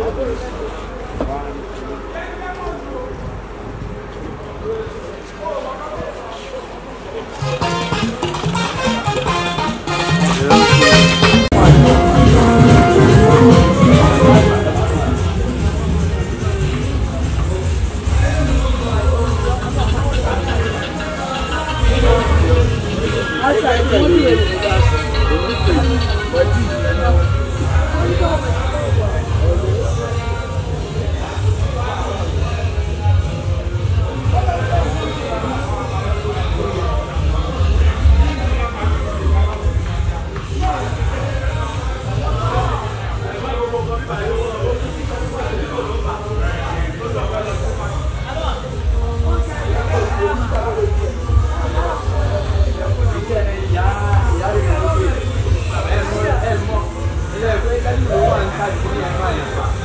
Thank you.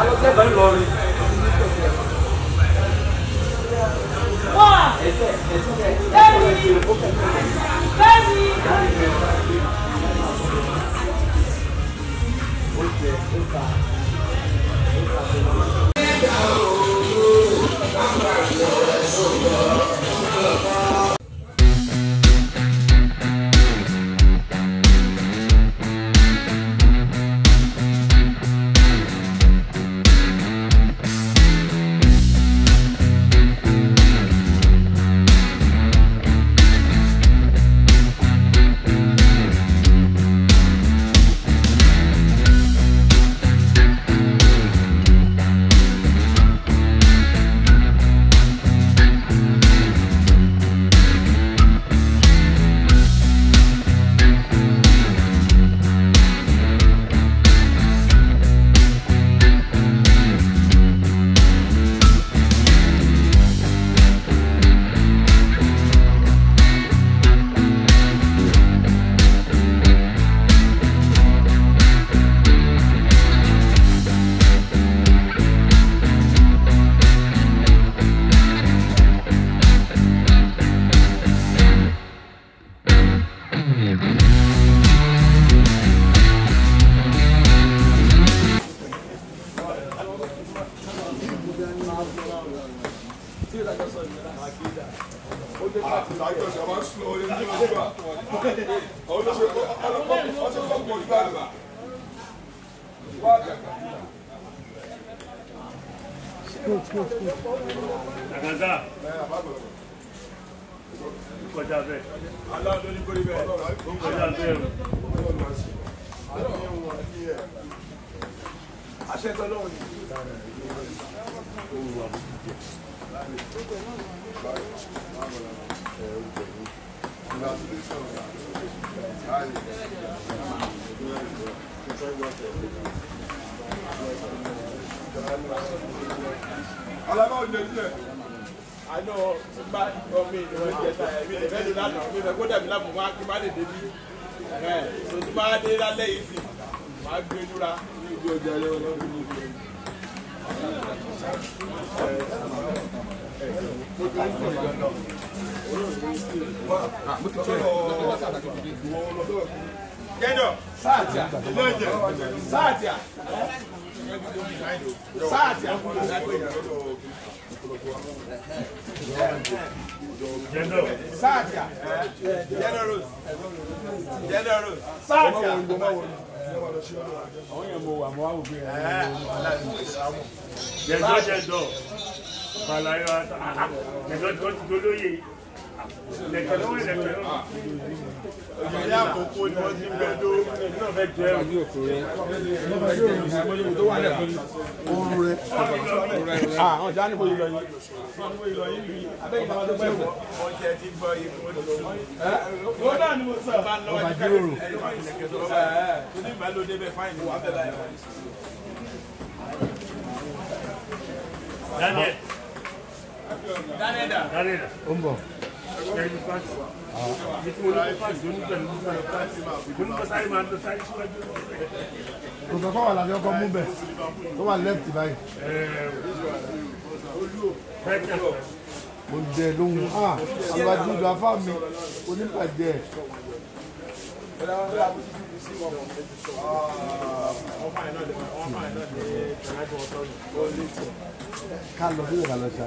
alọ́kẹ́bà ń lọ rí. wọ́n Good, good, good. Àgàzà. Kọjá bẹ́ẹ̀. Aláàdó ní kórìí bẹ́ẹ̀. Kọjá bẹ́ẹ̀ o. Àṣẹ tọ́lọ́wọ́ ni. Owó àbújá. Alaba ọjọ́ díẹ̀. Àná bá ọmọ ìdíwọ̀n ìjẹta ẹ̀mí ẹ̀fẹ́ ló lánàá mi lọ kódà mi lábùkún á kí má lè débí. Sòtú bá dé lálẹ́ yìí sì máa gbé dúra ní jẹjọ sáàtìà lọjẹ sáàtìà sáàtìà jẹjọ sáàtìà jẹjọ rose jẹjọ rose ti dolóye ìyá àkókò ni wọ́n ti ń bẹ ló náà fẹ́ jẹ́ òní òkú rẹ̀ oru rẹ̀ àwọn ìjà ní kò yí lọ yìí abẹ́yìn bàbá tó pẹ́ wọ̀. ọjà ti gbọ́ ikú ó náà ni mo sọ bá lọ́wọ́ ní ká ẹni wọ́n ìlẹ̀kẹ̀ tó sọ oníbàálòdé bẹ́ẹ̀ fáìní wà bẹ́ẹ̀ láyé. Daniel. Daniel. Daniel. Ó ń bọ̀ ẹ̀rí pàtì ibi tí wà lábẹ́ ọkọ̀ mú bẹ̀ tó wà lẹ́fìtì báyìí. Mo jẹ lóhun á àlùbájú afá mi onípàdé Ká lọ sí ìrànlọ́sà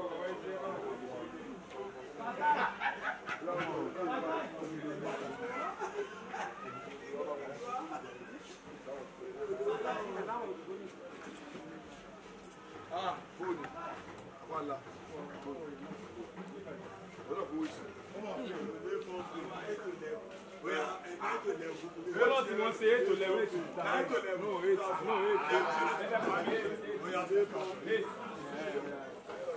Ah, fóònù, wàhálà, ọ̀dọ̀ fún oṣù. Bẹ́lọ̀ tí wọ́n ṣe ètò lẹ́wọ̀ ètò ìta. Ètò lẹ́wọ̀ ètò ìta. Ètò lẹ́wọ̀ ètò ìta.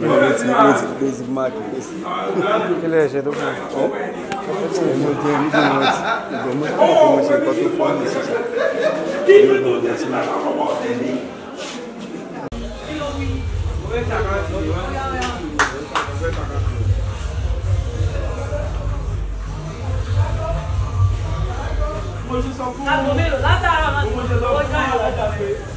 ló ti máa kí lé sí. kí lè ṣe tó fún ọ. mo jẹ nígbà mo ti ìgbà mo kọ́ kí mo ṣe nǹkan tó fọ́ mi sísè. ìlú ló ń ṣe máa. Mo ti sọ fún. Àgbo mélòó látara máa ti mọ̀ ọjọ́ ìwọ̀n.